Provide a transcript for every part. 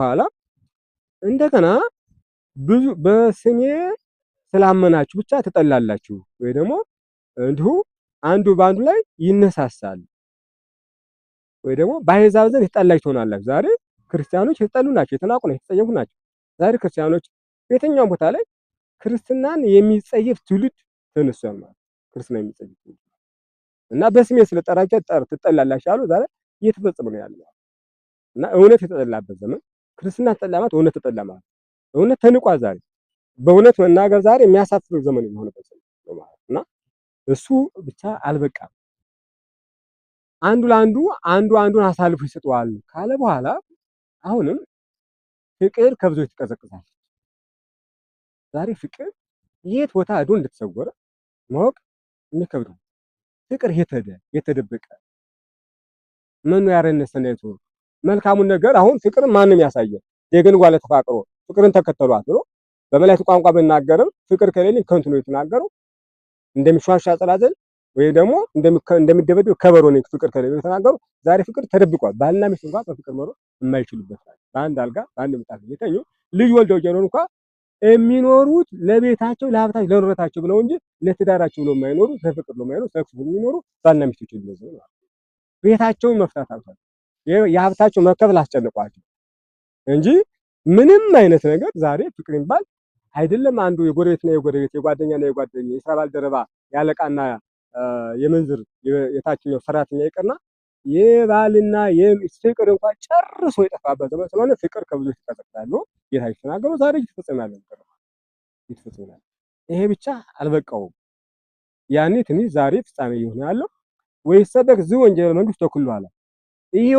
በኋላ እንደገና ብዙ በስሜ ስላመናችሁ ብቻ ትጠላላችሁ፣ ወይ ደግሞ እንዲሁ አንዱ በአንዱ ላይ ይነሳሳል፣ ወይ ደግሞ በአሕዛብ ዘንድ የተጠላችሁ ትሆናላችሁ። ዛሬ ክርስቲያኖች የተጠሉ ናቸው፣ የተናቁ ናቸው፣ የተጸየፉ ናቸው። ዛሬ ክርስቲያኖች በየትኛውም ቦታ ላይ ክርስትናን የሚጸየፍ ትውልድ ተነሷል ማለት ክርስትና የሚጸየፍ ትውልድ እና በስሜ ስለጠራችሁ ትጠላላችሁ አሉ። ዛሬ እየተፈጸመ ነው ያለው እና እውነት የተጠላበት ዘመን ክርስትና ተጠላ ማለት እውነት ተጠላ ማለት እውነት ተንቋ ዛሬ በእውነት መናገር ዛሬ የሚያሳፍር ዘመን የሆነበት ነው ማለት እና እሱ ብቻ አልበቃም። አንዱ ለአንዱ አንዱ አንዱን አሳልፎ ይሰጠዋል ካለ በኋላ አሁንም ፍቅር ከብዙ ትቀዘቅዛል። ዛሬ ፍቅር የት ቦታ አዱ እንደተሰወረ ማወቅ የሚከብደው ፍቅር የተደ የተደበቀ መኖ ያረነሰ ነው መልካሙን ነገር አሁን ፍቅር ማንም ያሳየ ደግን ጓለ ተፋቅሮ ፍቅርን ተከተሏት ብሎ በመላእክት ቋንቋ ብናገርም ፍቅር ከሌለኝ ከንቱ ነው የተናገረው። እንደሚሿሻ ጸላዘል ወይም ደግሞ እንደሚደበደብ ከበሮ ነው ፍቅር ከሌለኝ የተናገሩ። ዛሬ ፍቅር ተደብቋል። ባልና ሚስት እንኳን በፍቅር መኖር የማይችሉበት በአንድ አልጋ በአንድ ምንጣፍ እየተኙ ልጅ ወልደው ጀኖር እንኳን የሚኖሩት ለቤታቸው ለሀብታቸው ለኑረታቸው ብለው እንጂ ለትዳራቸው ብለው የማይኖሩ ለፍቅር ብለው የማይኖሩ ለክፉ የሚኖሩ ባልና ሚስቶች ይበዙ ነው። ቤታቸውን መፍታት አልቻሉ። የሀብታቸው መከፍል አስጨንቋቸው እንጂ ምንም አይነት ነገር ዛሬ ፍቅር ይባል አይደለም። አንዱ የጎረቤትና የጎረቤት የጓደኛና የጓደኛ የስራ ባልደረባ የአለቃና የመንዝር የታችኛው ሰራተኛ ይቅርና የባልና የሚስት ፍቅር እንኳን ጨርሶ የጠፋበት ዘመን ስለሆነ ፍቅር ከብዙ ተቀጥቅጣሉ። ጌታ ተናገሩ ዛሬ ይፈጽማል ነው ይፈጽማል። ይሄ ብቻ አልበቃውም። ያኔ ትንሽ ዛሬ ፍጻሜ ይሆናል ወይ ሰበክ ዝ ወንጀል መንግስት ተኩሏል ይሄ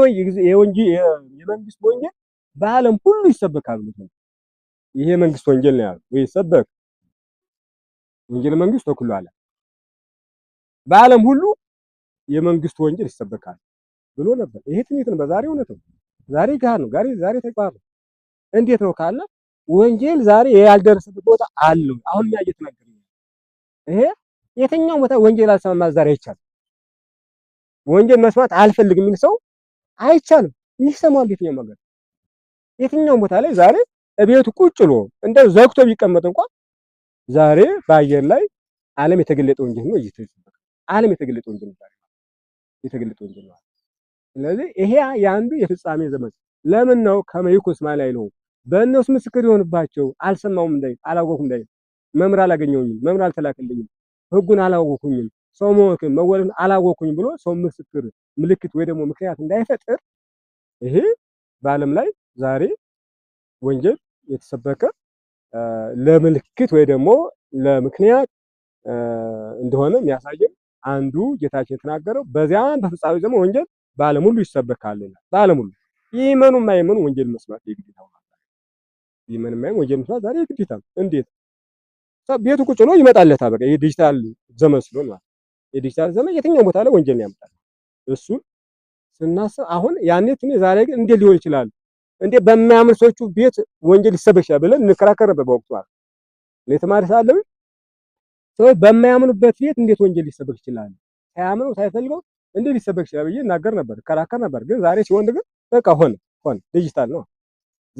የመንግስት ወንጌል በዓለም ሁሉ ይሰበካል ብሎት ነው። ይሄ መንግስት ወንጌል ነው ያለው ወይ ሰበክ ወንጌል መንግስት ተኩሉ አለ በዓለም ሁሉ የመንግስት ወንጌል ይሰበካል ብሎ ነበር። ይሄ ትንቢት ነው። በዛሬ እውነት ነው። ዛሬ ጋር ነው። ዛሬ ዛሬ ተግባር ነው። እንዴት ነው ካለ ወንጌል ዛሬ ያልደረሰበት ቦታ አለው። አሁን ያ እየተናገረ ይሄ የትኛው ቦታ ወንጌል አልሰማማ ዛሬ አይቻልም። ወንጌል መስማት አልፈልግም የሚል ሰው አይቻልም። ይሰማል የትኛውም ሀገር የትኛውም ቦታ ላይ ዛሬ እቤቱ ቁጭ ብሎ እንደ ዘግቶ ቢቀመጥ እንኳን ዛሬ በአየር ላይ ዓለም የተገለጠ ወንጀል ነው። ዓለም የተገለጠ ወንጀል ነው። የተገለጠ ወንጀል ነው። ስለዚህ ይሄ የአንዱ የፍጻሜ ዘመን ለምን ነው ከመይኩስ ማላይ ነው በእነሱ ምስክር ይሆንባቸው አልሰማውም እንዳይ አላወኩም እንዳይ መምህር አላገኘውኝም መምህር አልተላከልኝም ህጉን አላወኩኝም ሰው መሆንክን መወለድን አላወኩኝ ብሎ ሰው ምስክር ምልክት ወይ ደግሞ ምክንያት እንዳይፈጥር ይሄ በዓለም ላይ ዛሬ ወንጌል የተሰበከ ለምልክት ወይ ደግሞ ለምክንያት እንደሆነ የሚያሳየን አንዱ ጌታችን የተናገረው በዚያም በፍጻሜ ዘመን ወንጌል በዓለም ሁሉ ይሰበካል ይላል። በዓለም ሁሉ ይመኑ የማይመኑ ወንጌል መስማት የግዴታ ሆኗል። ይመኑ የማይመኑ ወንጌል መስማት ዛሬ የግዴታ ነው። እንዴት ቤቱ ቁጭ ብሎ ይመጣለታል። በቃ ይሄ ዲጂታል ዘመን ስለሆነ ማለት የዲጂታል ዘመን የትኛው ቦታ ላይ ወንጀል ያመጣል። እሱን ስናስብ አሁን ያኔ ትንሽ ዛሬ ግን እንዴት ሊሆን ይችላል እንዴ በማያምን ሰዎቹ ቤት ወንጀል ይሰበክ ይችላል ብለን እንከራከር ነበር በወቅቱ ማለት እኔ ተማሪ ሰዎች በማያምኑበት ቤት እንዴት ወንጀል ሊሰበክ ይችላል ሳያምኑ ሳይፈልገው እንዴት ሊሰበክ ይችላል ብዬ እናገር ነበር እከራከር ነበር ግን ዛሬ ሲሆን ግን በቃ ሆነ ሆነ ዲጂታል ነው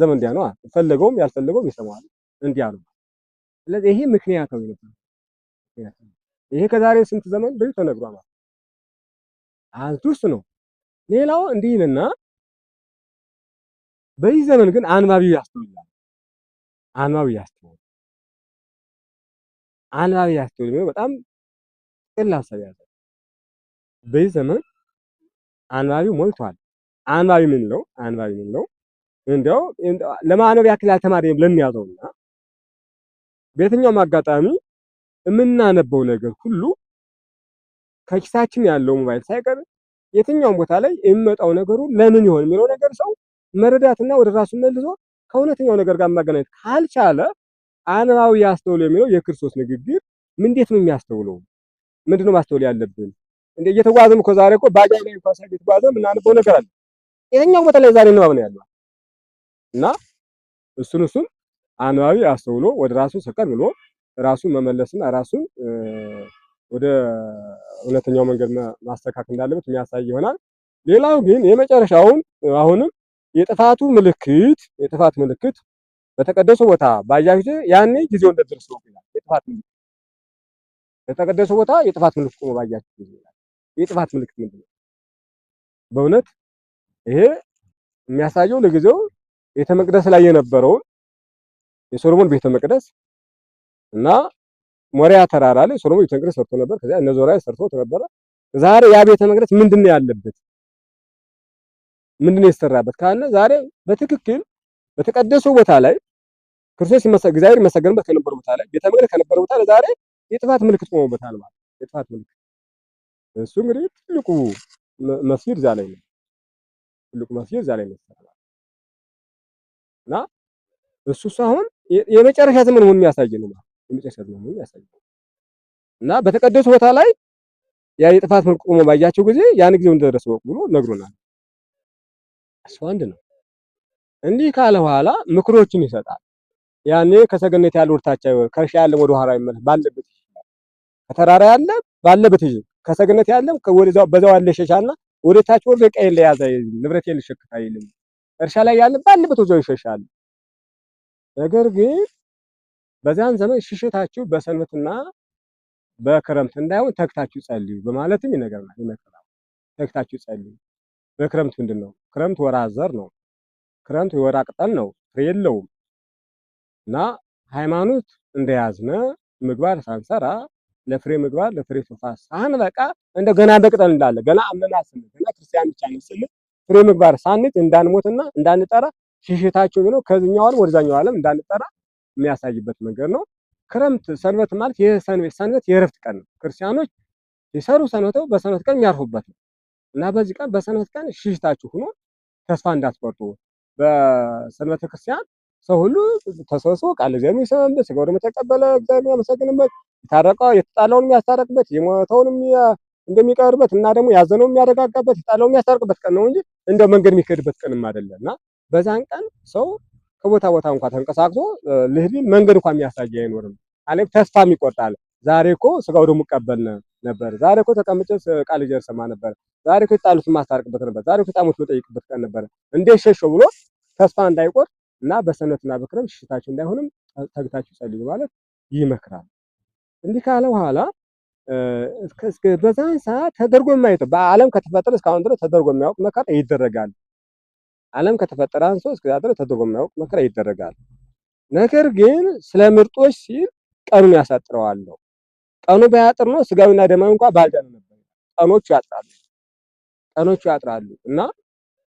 ዘመን እንዲያ ነው ፈለገውም ያልፈለገውም ይሰማዋል እንዲያ ነው ስለዚህ ይሄ ምክንያት ነው ይሄ ከዛሬ ስንት ዘመን በፊት ተነግሯል። ማለት አንቱ ውስጥ ነው። ሌላው እንዲህ ይልና በዚህ ዘመን ግን አንባቢው ያስተውላል። አንባቢው ያስተውላል። አንባቢው ያስተውላል ነው። በጣም ጥቅል ሀሳብ ያለ በዚህ ዘመን አንባቢው ሞልቷል። አንባቢ ምን ነው? አንባቢ ምን ነው? እንዲያው ለማንበብ ያክል ያልተማረ ለሚያዘውና በየትኛውም አጋጣሚ የምናነበው ነገር ሁሉ ከኪሳችን ያለው ሞባይል ሳይቀር የትኛውም ቦታ ላይ የሚመጣው ነገሩ ለምን ይሆን የሚለው ነገር ሰው መረዳትና ወደ ራሱ መልሶ ከእውነተኛው ነገር ጋር ማገናኘት ካልቻለ አንባዊ ያስተውል የሚለው የክርስቶስ ንግግር ምንዴት ነው የሚያስተውለው? ምንድነው ማስተውል ያለብን? እንዴ እየተጓዘም እኮ ዛሬ እኮ ባጃጅ ላይ እንኳን የተጓዘ የምናነበው ነገር አለ። የትኛው ቦታ ላይ ዛሬ ንባብ ነው ያለው? እና እሱን እሱን አንባቢ አስተውሎ ወደ ራሱ ሰቀር ብሎ ራሱን መመለስና ራሱን ወደ እውነተኛው መንገድ ማስተካከል እንዳለበት የሚያሳይ ይሆናል። ሌላው ግን የመጨረሻውን አሁንም የጥፋቱ ምልክት የጥፋት ምልክት በተቀደሰው ቦታ ባያ ጊዜ ያኔ ጊዜው እንደደረሰው ይላል። የጥፋት ምልክት በተቀደሰው ቦታ የጥፋት ምልክት ቆሞ ባያ ጊዜ ይላል። የጥፋት ምልክት ምንድን ነው? በእውነት ይሄ የሚያሳየው ለጊዜው ቤተ መቅደስ ላይ የነበረውን የሶሎሞን ቤተ መቅደስ እና ሞሪያ ተራራ ላይ ሶሎሞን ቤተ መቅደስ ሰርቶ ነበር። ከዚያ እነ ዞራ ሰርቶት ነበረ። ዛሬ ያ ቤተ መቅደስ ምንድን ነው ያለበት? ምንድን ነው የተሰራበት ካለ ዛሬ በትክክል በተቀደሰው ቦታ ላይ ክርስቶስ እግዚአብሔር ይመሰገንበት ከነበረ ቦታ ላይ ቤተ መቅደስ ከነበረ ቦታ ላይ ዛሬ የጥፋት ምልክት ቆሞበታል ማለት የጥፋት ምልክት እሱ እንግዲህ ትልቁ መስጊድ እዛ ላይ ነው። ትልቁ መስጊድ እዛ ላይ ነው እና እሱ እሱ አሁን የመጨረሻ ዘመን መሆኑን የሚያሳይ ነው ማለት የመጨረሻ ዝና ያሳያል። እና በተቀደሱ ቦታ ላይ ያ የጥፋት መልኩ ቆሞ ባያቸው ጊዜ ያን ጊዜው እንደደረሰ ወቅ ብሎ ነግሮናል። እሱ አንድ ነው። እንዲህ ካለ በኋላ ምክሮችን ይሰጣል። ያኔ ከሰገነት ያለ ወርታቻ ይወር ከርሻ ያለ ወደ ኋላ ይመለስ ባለበት ይሻል። ከተራራ ያለ ባለበት ይዤ ከሰገነት ያለ ወደዛው በዛው ያለ ይሸሻልና ወደ ታች ወርዶ ቀይን ለያዘ ንብረት ልሸክፍ አይልም። እርሻ ላይ ያለ ባለበት ወዛው ይሸሻል። ነገር ግን በዚያን ዘመን ሽሽታችሁ በሰንበትና በክረምት እንዳይሆን ተክታችሁ ጸልዩ በማለትም ይነገርናል ይመክራል። ተግታችሁ ጸልዩ። በክረምት ምንድን ነው? ክረምት ወራ ዘር ነው። ክረምት የወራ ቅጠል ነው፣ ፍሬ የለውም እና ሃይማኖት እንደያዝነ ምግባር ሳንሰራ ለፍሬ ምግባር ለፍሬ ሳን ሳንበቃ እንደ ገና በቅጠል እንዳለ ገና አመና ስንል ገና ክርስቲያን ብቻ ስንል ፍሬ ምግባር ሳንት እንዳንሞትና እንዳንጠራ ሽሽታችሁ ብሎ ከዚህኛው ዓለም ወደዛኛው ዓለም እንዳንጠራ የሚያሳይበት መንገድ ነው። ክረምት ሰንበት ማለት የሰንበት ሰንበት የእረፍት ቀን ነው። ክርስቲያኖች ሲሰሩ ሰንበተው በሰንበት ቀን የሚያርፉበት ነው እና በዚህ ቀን በሰንበት ቀን ሽሽታችሁ ሁኑ፣ ተስፋ እንዳትቆርጡ። በሰንበተ ክርስቲያን ሰው ሁሉ ተሰብስቦ ቃል እግዚአብሔር የሚሰማበት ስጋው ደግሞ የተቀበለ እግዚአብሔር የሚያመሰግንበት የታረቀው የተጣለውን የሚያስታረቅበት የሞተውን እንደሚቀርበት እና ደግሞ ያዘነው የሚያረጋጋበት የጣለውን የሚያስታርቅበት ቀን ነው እንጂ እንደ መንገድ የሚከድበት ቀንም አይደለም እና በዛን ቀን ሰው ከቦታ ቦታ እንኳ ተንቀሳቅሶ ልህዲ መንገድ እንኳ የሚያሳይ አይኖርም። አለ ተስፋም ይቆርጣል። ዛሬ እኮ ስጋው ደግሞ ይቀበል ነበር። ዛሬ እኮ ተቀምጬ ቃል ጀር ሰማ ነበር። ዛሬ እኮ የጣሉት ማስታርቅበት ነበር። ዛሬ እኮ የጣሙት መጠይቅበት ቀን ነበር። እንዴት ሸሾ ብሎ ተስፋ እንዳይቆርጥ እና በሰነትና በክረም ሽሽታችሁ እንዳይሆንም ተግታችሁ ጸልዩ ማለት ይመክራል። እንዲህ ካለ በኋላ በዛን ሰዓት ተደርጎ የማይጠ በዓለም ከተፈጠረ እስካሁን ድረስ ተደርጎ የማያውቅ መከራ ይደረጋል። ዓለም ከተፈጠረ አንሶ እስከዛ ድረስ ተደርጎ የማያውቅ መከራ ይደረጋል። ነገር ግን ስለ ምርጦች ሲል ቀኑን ያሳጥረዋለሁ። ቀኑ ባያጥር ነው ስጋዊና ደማዊ እንኳን ባልዳነ ነበር። ቀኖቹ ያጥራሉ፣ ቀኖቹ ያጥራሉ እና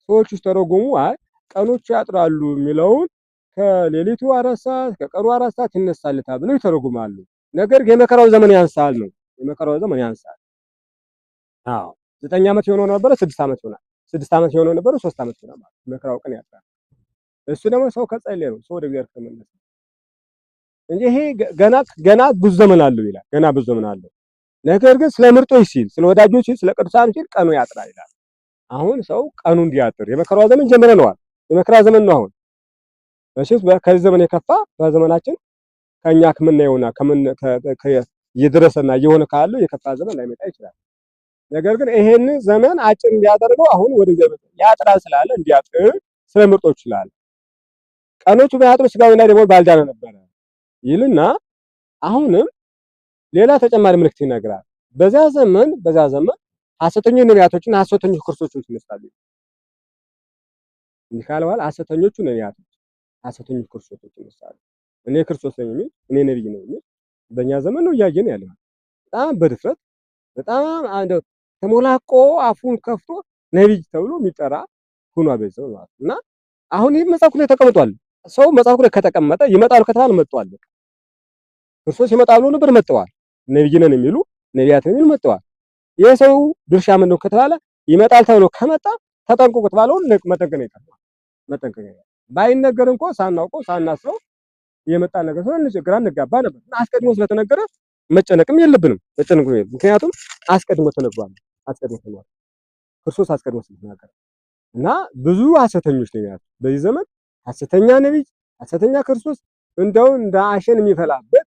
ሰዎች ውስጥ ተረጉሙ አይ ቀኖቹ ያጥራሉ የሚለውን ከሌሊቱ አራት ሰዓት ከቀኑ አራት ሰዓት ይነሳልታ ብለው ይተረጉማሉ። ነገር ግን የመከራው ዘመን ያንሳል ነው የመከራው ዘመን ያንሳል። አዎ ዘጠኝ ዓመት የሆነው ነበረ ስድስት ዓመት ይሆናል። ስድስት ዓመት የሆነው ነበሩ ሶስት ዓመት ሆነ ማለት መከራው ቀን ያጣ እሱ ደግሞ ሰው ከጸለየ ነው ሰው ወደ እግዚአብሔር ከተመለሰ እንጂ ይሄ ገና ገና ብዙ ዘመን አለው ይላል። ገና ብዙ ዘመን አለው። ነገር ግን ስለ ምርጦች ሲል፣ ስለ ወዳጆች ሲል፣ ስለ ቅዱሳን ሲል ቀኑ ያጥራል ይላል። አሁን ሰው ቀኑ እንዲያጥር የመከራዋ ዘመን ጀምረነዋል። የመከራ ዘመን ነው አሁን መቼስ ከዚህ ዘመን የከፋ በዘመናችን ከኛ ከምናየውና ከምን እየደረሰና እየሆነ ካለው የከፋ ዘመን ላይመጣ ይችላል። ነገር ግን ይሄን ዘመን አጭር እንዲያደርገው አሁን ወደ እግዚአብሔር ያጥራል ስላለ እንዲያጥር ስለ ምርጦች ይላል። ቀኖቹ ባያጥሩ ስጋውና ደግሞ ባልዳነ ነበረ ይልና አሁንም ሌላ ተጨማሪ ምልክት ይነግራል። በዛ ዘመን በዛ ዘመን ሐሰተኞች ነቢያቶችና ሐሰተኞች ክርስቶችን ይመስላሉ። እንዲህ ካለዋል ሐሰተኞቹ ነቢያቶች፣ ሐሰተኞች ክርስቶችን ይመስላሉ። እኔ ክርስቶስ ነኝ የሚል እኔ ነብይ ነኝ የሚል በእኛ ዘመን ነው እያየን ያለው በጣም በድፍረት በጣም ተሞላቆ አፉን ከፍቶ ነቢይ ተብሎ የሚጠራ ሁኖ አበዘው ማለት እና አሁን ይህ መጽሐፍ ላይ ተቀምጧል። ሰው መጽሐፍ ላይ ከተቀመጠ ይመጣሉ ከተባለ መጥቷል። ክርስቶስ ብሎ ነበር መጥተዋል። ነቢይ ነን የሚሉ ነቢያት የሚሉ መጥተዋል። ይህ ሰው ድርሻ ምንድነው ከተባለ ይመጣል ተብሎ ከመጣ ተጠንቀቁ ከተባለውን መጠንቀቅ ይቀርባል። መጠንቀቅ ባይነገር እንኳን ሳናውቀው ሳናስበው የመጣ ነገር ስለሆነ ግራ እንጋባ ነበር አስቀድሞ ስለተነገረ መጨነቅም የለብንም። መጨነቅም ምክንያቱም አስቀድሞ ተነግሯል። አስቀድሞ ተናግሯል። ክርስቶስ አስቀድሞ ስለተናገረ እና ብዙ ሐሰተኞች ነው ያሉት በዚህ ዘመን ሐሰተኛ ነቢይ፣ ሐሰተኛ ክርስቶስ እንደው እንደ አሸን የሚፈላበት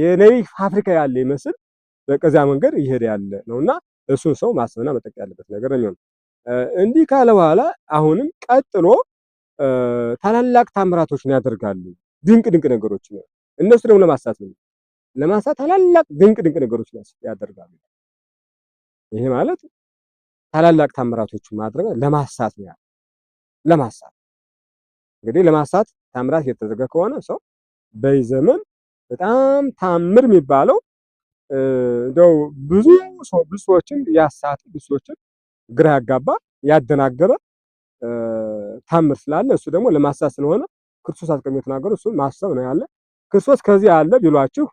የነቢይ ፋብሪካ ያለ ይመስል በቀዚያ መንገድ ይሄድ ያለ ነውና እሱን ሰው ማሰብና መጠቅ ያለበት ነገር ነው የሚሆነው። እንዲህ ካለ በኋላ አሁንም ቀጥሎ ታላላቅ ታምራቶችን ያደርጋሉ። ድንቅ ድንቅ ነገሮች ነው። እነሱ ደግሞ ለማሳት ነው ለማሳት ታላላቅ ድንቅ ድንቅ ነገሮች ያደርጋሉ። ይሄ ማለት ታላላቅ ታምራቶችን ማድረግ ለማሳት ነው ያለው። ለማሳት እንግዲህ ለማሳት ታምራት እየተደረገ ከሆነ ሰው በዚህ ዘመን በጣም ታምር የሚባለው እንደው ብዙ ሰው ብዙ ሰዎችን ያሳት ብዙ ሰዎችን ግራ ያጋባ ያደናገረ ታምር ስላለ እሱ ደግሞ ለማሳት ስለሆነ ክርስቶስ አስቀድሞ የተናገሩ እሱ ማሰብ ነው ያለ። ክርስቶስ ከዚህ አለ ቢሏችሁ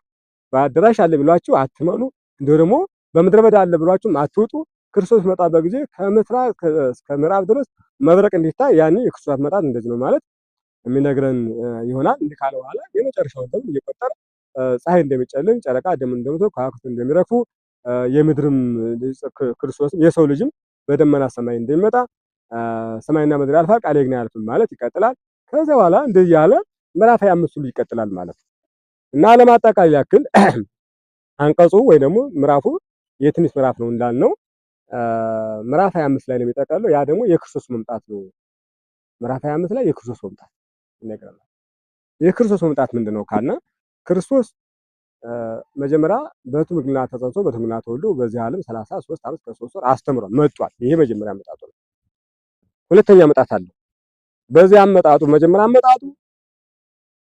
በአዳራሽ አለ ቢሏችሁ አትመኑ። እንደው ደግሞ በምድረ በዳ አለ ብሏችሁም አትውጡ። ክርስቶስ መጣ በጊዜ ከምስራቅ እስከ ምዕራብ ድረስ መብረቅ እንዲታይ ያኔ የክርስቶስ አመጣጥ እንደዚህ ነው ማለት የሚነግረን ይሆናል። እንዲህ ካለ በኋላ የመጨረሻውን ዘመን እየቆጠረ ፀሐይ እንደሚጨልም ጨረቃ ደም እንደምትወር ከዋክብት እንደሚረግፉ የምድርም ክርስቶስ የሰው ልጅም በደመና ሰማይ እንደሚመጣ ሰማይና ምድር ያልፋል ቃሌ ግን አያልፍም ማለት ይቀጥላል። ከዚያ በኋላ እንደዚህ ያለ ምዕራፍ ሃያ አምስት ሁሉ ይቀጥላል ማለት ነው እና ለማጠቃለል ያክል አንቀጹ ወይ ደግሞ ምዕራፉ የትንሽ ምዕራፍ ነው እንዳልነው ምዕራፍ 25 ላይ ነው የሚጠቃለው። ያ ደግሞ የክርስቶስ መምጣት ነው። ምዕራፍ 25 ላይ የክርስቶስ መምጣት ይነገራል። የክርስቶስ መምጣት ምንድን ነው ካልና ክርስቶስ መጀመሪያ በትምግና ተጸንሶ በትምግና ተወልዶ በዚህ ዓለም 33 ዓመት ከሶስት ወር አስተምሯል መጥቷል። ይሄ መጀመሪያ መጣጡ ነው። ሁለተኛ መጣት አለው። በዚህ አመጣጡ መጀመሪያ አመጣጡ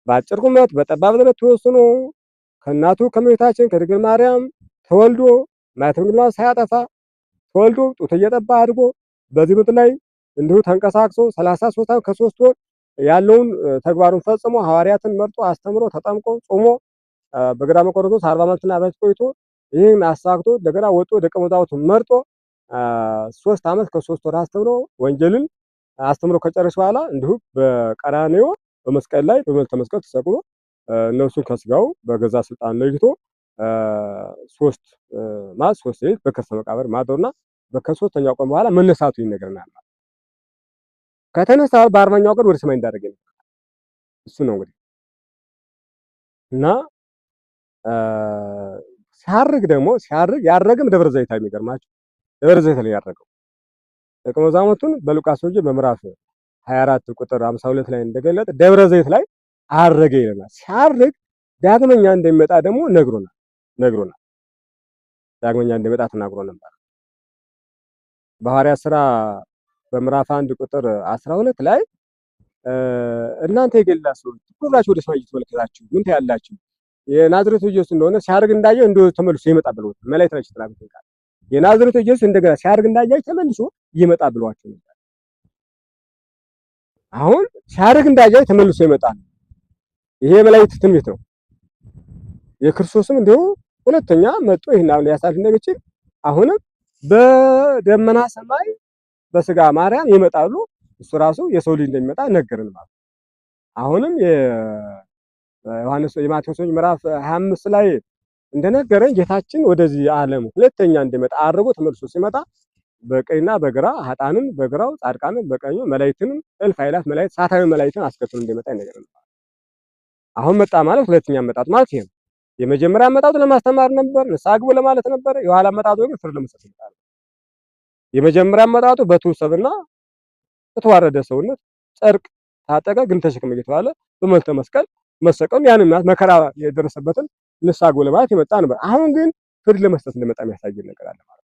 በአጭር ቁመት በጠባብ ደረት ተወስኖ ከእናቱ ከእመቤታችን ከድንግል ማርያም ተወልዶ ማትምግና ሳያጠፋ ተወልዶ ጡት እየጠባ አድጎ በዚህ ምጥ ላይ እንዲሁ ተንቀሳቅሶ 33 ሶስት ዓመት ከሶስት ወር ያለውን ተግባሩን ፈጽሞ ሐዋርያትን መርጦ አስተምሮ ተጠምቆ ጾሞ በገዳመ ቆሮንቶስ አርባ ዓመትና አርባ ቆይቶ ይህን አሳክቶ እንደገና ወጦ ደቀ መዛሙርቱን መርጦ ሶስት ዓመት ከሶስት ወር አስተምሮ ወንጀልን አስተምሮ ከጨረሰ በኋላ እንዲሁ በቀራንዮ በመስቀል ላይ በመልተ መስቀል ተሰቅሎ እነሱን ከስጋው በገዛ ስልጣን ለይቶ ሶስት ማለት ሶስት ሌሊት በከርሰ መቃብር ከሶስተኛው ቀን በኋላ መነሳቱ ይነገርናል። ከተነሳ በአርባኛው ቀን ወደ ሰማይ እንዳደረገ እሱ ነው እንግዲህ እና ሲያርግ ደግሞ ሲያርግ ያረገም ደብረ ዘይት የሚገርማቸው ደብረ ዘይት ላይ ያረገው ደቀ መዛሙርቱን በሉቃስ ወንጌል በምዕራፍ 24 ቁጥር 52 ላይ እንደገለጠ ደብረ ዘይት ላይ አረገ ይለናል። ሲያርግ ዳግመኛ እንደሚመጣ ደግሞ ነግሮናል። ነግሮናል። ዳግመኛ እንደመጣ ተናግሮ ነበር። በሐዋርያት ስራ በምዕራፍ አንድ ቁጥር 12 ላይ እናንተ የገሊላ ሰዎች ሁላችሁ ወደ ሰማይ እየተመለከታችሁ ምን ታያላችሁ? የናዝሬቱ ኢየሱስ እንደሆነ ሲያርግ እንዳየ እንደ ተመልሶ ይመጣ ብለውት መላእክት ላይ ተናግረው ይልካል። የናዝሬቱ ኢየሱስ እንደገና ሲያርግ እንዳየ ተመልሶ ይመጣ ብለዋቸው ነበር። አሁን ሲያርግ እንዳየ ተመልሶ ይመጣል። ይሄ መላእክት ትንቢት ነው። የክርስቶስም እንዲሁ ሁለተኛ መጥቶ ይህን አሁን ሊያሳልፍ እንደሚችል አሁንም በደመና ሰማይ በስጋ ማርያም ይመጣሉ። እሱ ራሱ የሰው ልጅ እንደሚመጣ ነገርን ማለት አሁንም የዮሐንስ የማቴዎስ ምዕራፍ 25 ላይ እንደነገረን ጌታችን ወደዚህ ዓለም ሁለተኛ እንደመጣ አድርጎ ተመልሶ ሲመጣ በቀኝና በግራ ሀጣንን በግራው ጻድቃንን በቀኙ መላእክትንም እልፍ ኃይላት መላእክት ሳታዊ መላእክትን አስከትሎ እንደመጣ ይነገራል። አሁን መጣ ማለት ሁለተኛ መጣት ማለት ይሄ ነው። የመጀመሪያ አመጣጡ ለማስተማር ነበር፣ ንስሐ ግቡ ለማለት ነበር። የኋላ አመጣጡ ግን ፍርድ ለመስጠት ነበር። የመጀመሪያ አመጣጡ በትውሰብና በተዋረደ ሰውነት ጨርቅ ታጠቀ፣ ግን ተሸክመ እየተባለ በመልተ መስቀል መሰቀሉ ያንን መከራ የደረሰበትን ንስሐ ግቡ ለማለት የመጣ ነበር። አሁን ግን ፍርድ ለመስጠት እንደመጣ የሚያሳየን ነገር አለ ማለት ነው።